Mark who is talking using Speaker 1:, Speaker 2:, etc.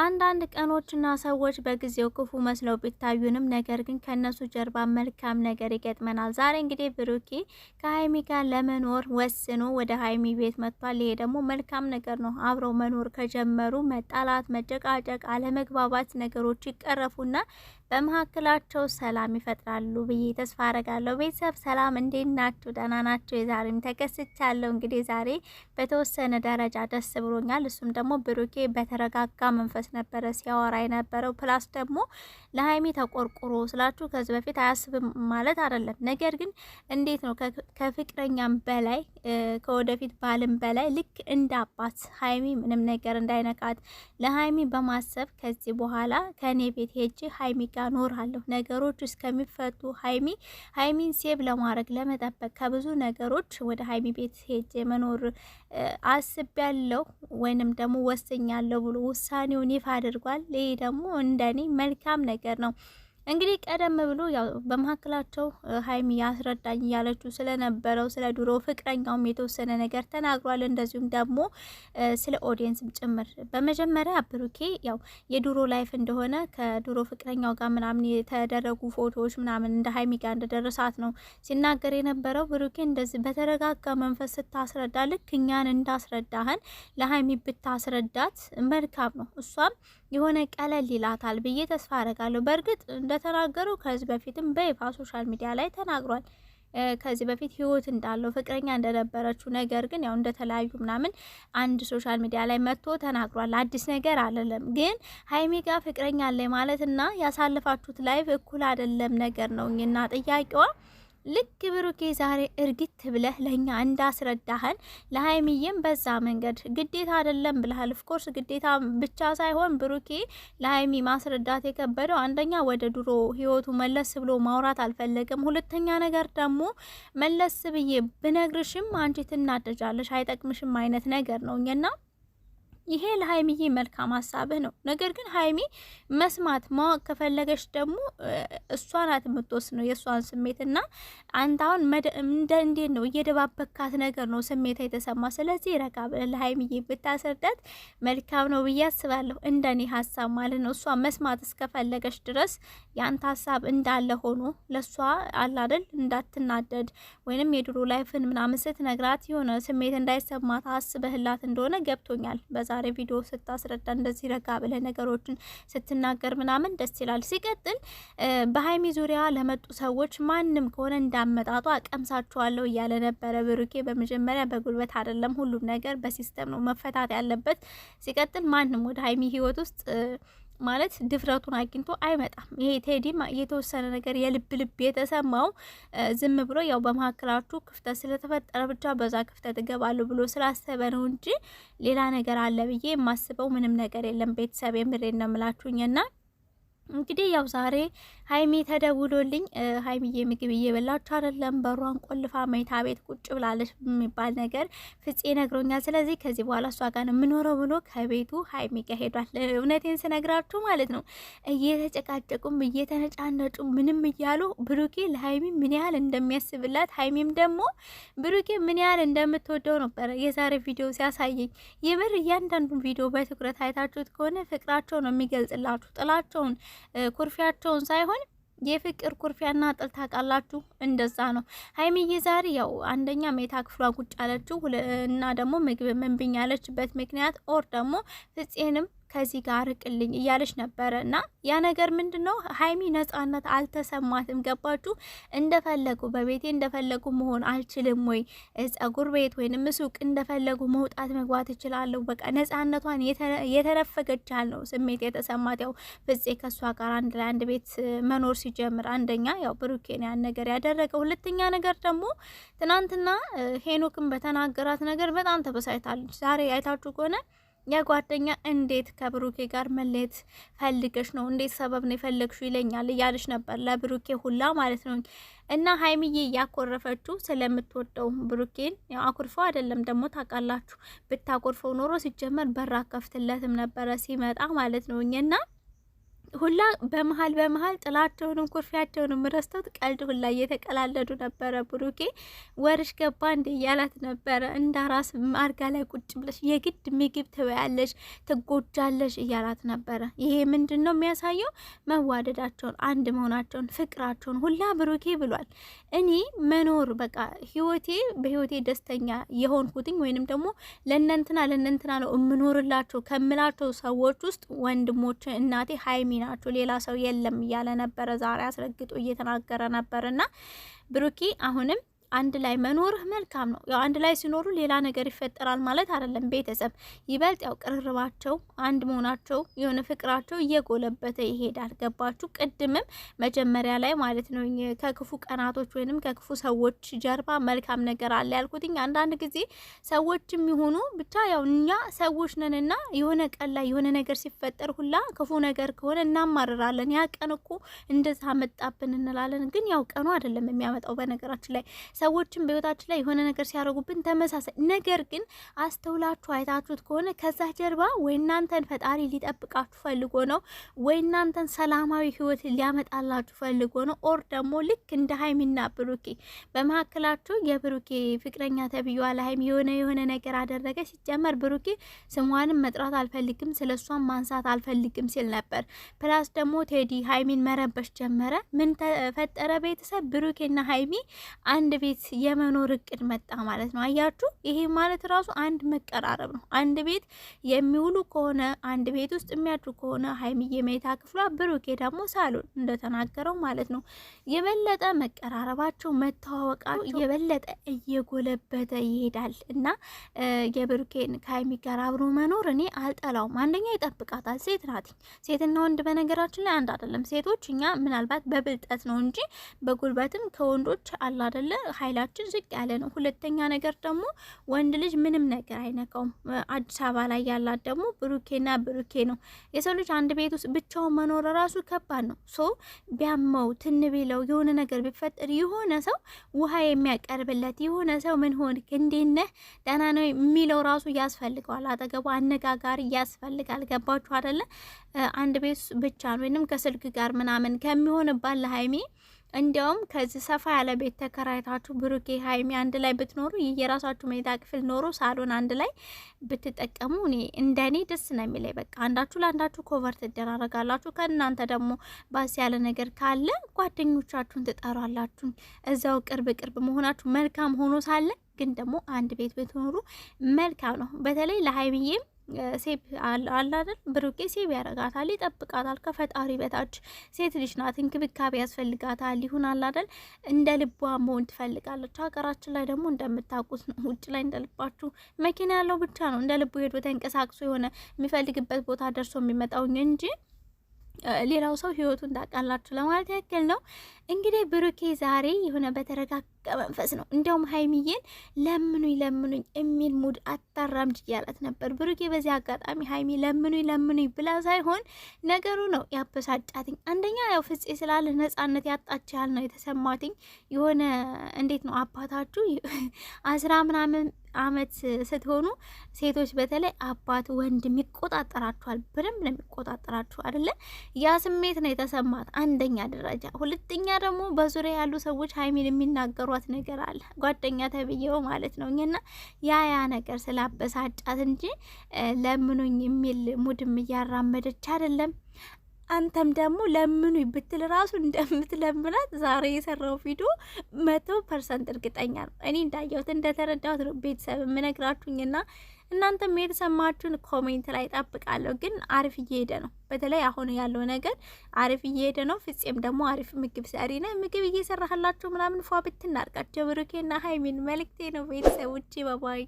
Speaker 1: አንዳንድ ቀኖችና ሰዎች በጊዜው ክፉ መስለው ቢታዩንም ነገር ግን ከነሱ ጀርባ መልካም ነገር ይገጥመናል። ዛሬ እንግዲህ ብሩኬ ከሀይሚ ጋር ለመኖር ወስኖ ወደ ሀይሚ ቤት መጥቷል። ይሄ ደግሞ መልካም ነገር ነው። አብረው መኖር ከጀመሩ መጣላት፣ መጨቃጨቅ፣ አለመግባባት ነገሮች ይቀረፉና በመካከላቸው ሰላም ይፈጥራሉ ብዬ ተስፋ አረጋለሁ። ቤተሰብ ሰላም እንዴት ናችሁ? ደህና ናቸው። የዛሬም ተከስቻለሁ። እንግዲህ ዛሬ በተወሰነ ደረጃ ደስ ብሎኛል። እሱም ደግሞ ብሩኬ በተረጋጋ መንፈስ በድፍረት ነበረ ሲያወራ የነበረው። ፕላስ ደግሞ ለሀይሚ ተቆርቁሮ ስላችሁ ከዚህ በፊት አያስብም ማለት አይደለም። ነገር ግን እንዴት ነው ከፍቅረኛም በላይ ከወደፊት ባልም በላይ ልክ እንደ አባት ሀይሚ ምንም ነገር እንዳይነካት ለሀይሚ በማሰብ ከዚህ በኋላ ከእኔ ቤት ሄጄ ሀይሚ ጋር ኖራለሁ ነገሮች እስከሚፈቱ ሀይሚ ሀይሚን ሴብ ለማድረግ ለመጠበቅ ከብዙ ነገሮች ወደ ሀይሚ ቤት ሄጄ መኖር አስቤያለሁ ወይንም ደግሞ ወስኛለሁ ብሎ ውሳኔውን ይፋ አድርጓል። ይህ ደግሞ እንደኔ መልካም ነገር ነው። እንግዲህ ቀደም ብሎ ያው በመካከላቸው ሀይሚ ያስረዳኝ እያለችው ስለነበረው ስለ ድሮ ፍቅረኛውም የተወሰነ ነገር ተናግሯል። እንደዚሁም ደግሞ ስለ ኦዲየንስም ጭምር በመጀመሪያ ብሩኬ ያው የድሮ ላይፍ እንደሆነ ከድሮ ፍቅረኛው ጋር ምናምን የተደረጉ ፎቶዎች ምናምን እንደ ሀይሚ ጋር እንደደረሳት ነው ሲናገር የነበረው። ብሩኬ እንደዚህ በተረጋጋ መንፈስ ስታስረዳ ልክ እኛን እንዳስረዳህን ለሀይሚ ብታስረዳት መልካም ነው እሷም የሆነ ቀለል ይላታል ብዬ ተስፋ አረጋለሁ። በእርግጥ እንደተናገረው ከዚህ በፊትም በይፋ ሶሻል ሚዲያ ላይ ተናግሯል። ከዚህ በፊት ህይወት እንዳለው ፍቅረኛ እንደነበረችው ነገር ግን ያው እንደተለያዩ ምናምን አንድ ሶሻል ሚዲያ ላይ መጥቶ ተናግሯል። አዲስ ነገር አለለም ግን ሀይሜጋ ጋር ፍቅረኛ አለ ማለት ያሳለፋችሁት ላይፍ እኩል አይደለም ነገር ነው እና ጥያቄዋ ልክ ብሩኬ ዛሬ እርግት ብለህ ለእኛ እንዳስረዳህን ለሀይሚዬም በዛ መንገድ ግዴታ አይደለም ብለሃል። ኦፍኮርስ ግዴታ ብቻ ሳይሆን ብሩኬ ለሀይሚ ማስረዳት የከበደው አንደኛ ወደ ድሮ ህይወቱ መለስ ብሎ ማውራት አልፈለገም። ሁለተኛ ነገር ደግሞ መለስ ብዬ ብነግርሽም አንቺ ትናደጃለሽ አይጠቅምሽም አይነት ነገር ነው እኛና ይሄ ለሀይሚዬ መልካም ሀሳብህ ነው። ነገር ግን ሀይሚ መስማት ማወቅ ከፈለገች ደግሞ እሷ ናት የምትወስነው የእሷን ስሜት እና አንተ አሁን እንደ እንዴት ነው እየደባበካት ነገር ነው ስሜት የተሰማ። ስለዚህ ረጋ ብለህ ለሀይሚዬ ብታስረዳት መልካም ነው ብዬ አስባለሁ። እንደኔ ሀሳብ ማለት ነው። እሷ መስማት እስከፈለገች ድረስ የአንተ ሀሳብ እንዳለ ሆኖ ለእሷ አላደል እንዳትናደድ ወይንም የድሮ ላይፍን ምናምን ስትነግራት የሆነ ስሜት እንዳይሰማት አስበህላት እንደሆነ ገብቶኛል በዛ ዛሬ ቪዲዮ ስታስረዳ እንደዚህ ረጋ ብለ ነገሮችን ስትናገር ምናምን ደስ ይላል። ሲቀጥል በሀይሚ ዙሪያ ለመጡ ሰዎች ማንም ከሆነ እንዳመጣጡ አቀምሳችኋለሁ እያለ ነበረ ብሩኬ። በመጀመሪያ በጉልበት አይደለም፣ ሁሉም ነገር በሲስተም ነው መፈታት ያለበት። ሲቀጥል ማንም ወደ ሀይሚ ህይወት ውስጥ ማለት ድፍረቱን አግኝቶ አይመጣም። ይሄ ቴዲም የተወሰነ ነገር የልብ ልብ የተሰማው ዝም ብሎ ያው በመካከላችሁ ክፍተት ስለተፈጠረ ብቻ በዛ ክፍተት እገባለሁ ብሎ ስላሰበ ነው እንጂ ሌላ ነገር አለ ብዬ የማስበው ምንም ነገር የለም። ቤተሰብ የምሬ ነው እንግዲህ ያው ዛሬ ሀይሚ ተደውሎልኝ ሀይሚዬ ምግብ እየበላች አይደለም፣ በሯን ቆልፋ መኝታ ቤት ቁጭ ብላለች የሚባል ነገር ፍፄ ነግሮኛል። ስለዚህ ከዚህ በኋላ እሷ ጋር ነው የምኖረው ብሎ ከቤቱ ሀይሚ ጋር ሄዷል። እውነቴን ስነግራችሁ ማለት ነው። እየተጨቃጨቁም እየተነጫነጩ ምንም እያሉ ብሩኬ ለሀይሚ ምን ያህል እንደሚያስብላት ሀይሚም ደግሞ ብሩኬ ምን ያህል እንደምትወደው ነበረ የዛሬ ቪዲዮ ሲያሳየኝ። የምር እያንዳንዱን ቪዲዮ በትኩረት አይታችሁት ከሆነ ፍቅራቸው ነው የሚገልጽላችሁ ጥላቸውን ኩርፊያቸውን ሳይሆን የፍቅር ኩርፊያና ጥል ታውቃላችሁ፣ እንደዛ ነው። ሀይሚዬ ዛሬ ያው አንደኛ ሜታ ክፍሏ ቁጭ አለችው እና ደግሞ ምግብ ምን ያለችበት ምክንያት ኦር ደግሞ ፍጼንም ከዚህ ጋር ርቅልኝ እያለች ነበረ እና ያ ነገር ምንድን ነው ሀይሚ ነጻነት አልተሰማትም። ገባችሁ? እንደፈለጉ በቤቴ እንደፈለጉ መሆን አልችልም ወይ ጸጉር ቤት ወይንም ሱቅ እንደፈለጉ መውጣት መግባት እችላለሁ። በቃ ነጻነቷን የተነፈገች ነው ስሜት የተሰማት። ያው ፍጼ ከእሷ ጋር አንድ ላይ አንድ ቤት መኖር ሲጀምር አንደኛ ያው ብሩኬን ያን ነገር ያደረገ፣ ሁለተኛ ነገር ደግሞ ትናንትና ሄኖክን በተናገራት ነገር በጣም ተበሳጭታለች። ዛሬ አይታችሁ ከሆነ የጓደኛ እንዴት ከብሩኬ ጋር መለየት ፈልገሽ ነው? እንዴት ሰበብ ነው የፈለግሹ ይለኛል እያለች ነበር ለብሩኬ ሁላ ማለት ነው። እና ሀይሚዬ እያኮረፈችው ስለምትወደው ብሩኬን አኩርፈው አይደለም። ደግሞ ታውቃላችሁ፣ ብታኮርፈው ኖሮ ሲጀመር በራ ከፍትለትም ነበረ ሲመጣ ማለት ነው እና ሁላ በመሀል በመሀል ጥላቸውንም ኩርፊያቸውንም ረስተውት ቀልድ ሁላ እየተቀላለዱ ነበረ። ብሩኬ ወርሽ ገባ እንደ እያላት ነበረ። እንዳ ራስ አልጋ ላይ ቁጭ ብለሽ የግድ ምግብ ትበያለሽ፣ ትጎጃለሽ እያላት ነበረ። ይሄ ምንድን ነው የሚያሳየው? መዋደዳቸውን፣ አንድ መሆናቸውን፣ ፍቅራቸውን ሁላ ብሩኬ ብሏል። እኔ መኖር በቃ ህይወቴ በህይወቴ ደስተኛ የሆንኩትኝ ወይንም ደግሞ ለእነንትና ለእነንትና ነው የምኖርላቸው ከምላቸው ሰዎች ውስጥ ወንድሞች እናቴ ሀይሚና ምክንያቱ ሌላ ሰው የለም እያለ ነበረ ዛሬ አስረግጦ እየተናገረ ነበር እና ብሩኪ አሁንም አንድ ላይ መኖርህ መልካም ነው። ያው አንድ ላይ ሲኖሩ ሌላ ነገር ይፈጠራል ማለት አይደለም። ቤተሰብ ይበልጥ ያው ቅርርባቸው፣ አንድ መሆናቸው፣ የሆነ ፍቅራቸው እየጎለበተ ይሄዳል። ገባችሁ? ቅድምም መጀመሪያ ላይ ማለት ነው ከክፉ ቀናቶች ወይንም ከክፉ ሰዎች ጀርባ መልካም ነገር አለ ያልኩትኝ። አንዳንድ ጊዜ ሰዎች የሚሆኑ ብቻ ያው እኛ ሰዎች ነንና የሆነ ቀን ላይ የሆነ ነገር ሲፈጠር ሁላ ክፉ ነገር ከሆነ እናማርራለን። ያ ቀን እኮ እንደዛ መጣብን እንላለን። ግን ያው ቀኑ አይደለም የሚያመጣው በነገራችን ላይ ሰዎችን በህይወታችን ላይ የሆነ ነገር ሲያደርጉብን ተመሳሳይ ነገር ግን አስተውላችሁ አይታችሁት ከሆነ ከዛ ጀርባ ወይ እናንተን ፈጣሪ ሊጠብቃችሁ ፈልጎ ነው፣ ወይ እናንተን ሰላማዊ ህይወት ሊያመጣላችሁ ፈልጎ ነው። ኦር ደግሞ ልክ እንደ ሀይሚና ብሩኬ በመካከላችሁ የብሩኬ ፍቅረኛ ተብዬዋ ለሀይሚ የሆነ የሆነ ነገር አደረገ። ሲጀመር ብሩኬ ስሟንም መጥራት አልፈልግም ስለሷን ማንሳት አልፈልግም ሲል ነበር። ፕላስ ደግሞ ቴዲ ሀይሚን መረበሽ ጀመረ። ምን ተፈጠረ? ቤተሰብ ብሩኬና ሀይሚ አንድ ቤት የመኖር እቅድ መጣ ማለት ነው። አያችሁ፣ ይሄ ማለት ራሱ አንድ መቀራረብ ነው። አንድ ቤት የሚውሉ ከሆነ አንድ ቤት ውስጥ የሚያድሩ ከሆነ ሀይሚዬ መኝታ ክፍሏ፣ ብሩኬ ደግሞ ሳሎን እንደተናገረው ማለት ነው። የበለጠ መቀራረባቸው መተዋወቃቸው የበለጠ እየጎለበተ ይሄዳል እና የብሩኬን ከሀይሚ ጋር አብሮ መኖር እኔ አልጠላውም። አንደኛ ይጠብቃታል፣ ሴት ናት። ሴትና ወንድ በነገራችን ላይ አንድ አይደለም። ሴቶች እኛ ምናልባት በብልጠት ነው እንጂ በጉልበትም ከወንዶች አላደለ ኃይላችን ዝቅ ያለ ነው። ሁለተኛ ነገር ደግሞ ወንድ ልጅ ምንም ነገር አይነካውም። አዲስ አበባ ላይ ያላት ደግሞ ብሩኬና ብሩኬ ነው። የሰው ልጅ አንድ ቤት ውስጥ ብቻውን መኖር ራሱ ከባድ ነው። ሶ ቢያመው ትን የሆነ ነገር ቢፈጥር የሆነ ሰው ውሃ የሚያቀርብለት የሆነ ሰው ምን ሆን እንዴነህ ደህና ነው የሚለው ራሱ ያስፈልገዋል። አጠገቡ አነጋጋሪ ያስፈልጋል። ገባችሁ አደለ? አንድ ቤት ውስጥ ብቻ ወይንም ከስልክ ጋር ምናምን ከሚሆንባት ለሀይሜ እንዲያውም ከዚህ ሰፋ ያለ ቤት ተከራይታችሁ ብሩኬ ሀይሚ አንድ ላይ ብትኖሩ የራሳችሁ መኝታ ክፍል ኖሮ ሳሎን አንድ ላይ ብትጠቀሙ እኔ እኔ ደስ ነው የሚለኝ። በቃ አንዳችሁ ለአንዳችሁ ኮቨር ትደራረጋላችሁ። ከእናንተ ደግሞ ባስ ያለ ነገር ካለ ጓደኞቻችሁን ትጠራላችሁ። እዛው ቅርብ ቅርብ መሆናችሁ መልካም ሆኖ ሳለ ግን ደግሞ አንድ ቤት ብትኖሩ መልካም ነው። በተለይ ለሀይሚዬም ሴብ አለ አይደል? ብሩኬ ሴብ ያረጋታል፣ ይጠብቃታል። ከፈጣሪ በታች ሴት ልጅ ናት፣ እንክብካቤ ያስፈልጋታል። ይሁን አለ አይደል? እንደ ልቧ መሆን ትፈልጋለች። ሀገራችን ላይ ደግሞ እንደምታውቁት ነው፣ ውጭ ላይ እንደልባችሁ መኪና ያለው ብቻ ነው እንደ ልቡ ሄዶ ተንቀሳቅሶ የሆነ የሚፈልግበት ቦታ ደርሶ የሚመጣውኝ እንጂ ሌላው ሰው ህይወቱን ታውቃላችሁ ለማለት ያክል ነው። እንግዲህ ብሩኬ ዛሬ የሆነ በተረጋጋ መንፈስ ነው። እንዲያውም ሀይሚዬን ለምኑኝ ለምኑኝ የሚል ሙድ አታራምጅ እያላት ነበር ብሩኬ። በዚህ አጋጣሚ ሀይሚ ለምኑኝ ለምኑኝ ብላ ሳይሆን ነገሩ ነው ያበሳጫትኝ። አንደኛ ያው ፍፄ ስላለ ነጻነት ያጣች ያህል ነው የተሰማትኝ። የሆነ እንዴት ነው አባታችሁ አስራ ምናምን አመት ስትሆኑ ሴቶች በተለይ አባት ወንድም ይቆጣጠራችኋል፣ በደንብ ነው የሚቆጣጠራችሁ አይደለ? ያ ስሜት ነው የተሰማት አንደኛ ደረጃ። ሁለተኛ ደግሞ በዙሪያ ያሉ ሰዎች ሀይሚን የሚናገሯት ነገር አለ፣ ጓደኛ ተብዬው ማለት ነው። እኛና ያ ያ ነገር ስላበሳጫት እንጂ ለምኑኝ የሚል ሙድም እያራመደች አይደለም። አንተም ደግሞ ለምኑ ብትል ራሱ እንደምትለምናት ዛሬ የሰራው ቪዲዮ መቶ ፐርሰንት እርግጠኛ ነው። እኔ እንዳየሁት እንደተረዳሁት ነው ቤተሰብ የምነግራችሁኝና እናንተም የተሰማችሁን ኮሜንት ላይ ጠብቃለሁ። ግን አሪፍ እየሄደ ነው። በተለይ አሁን ያለው ነገር አሪፍ እየሄደ ነው። ፍጼም ደግሞ አሪፍ ምግብ ሰሪ ነ ምግብ እየሰራህላችሁ ምናምን ፏ ብትናርቃቸው ብሩኬና ሀይሚን መልክቴ ነው ቤተሰብ ውጭ በባይ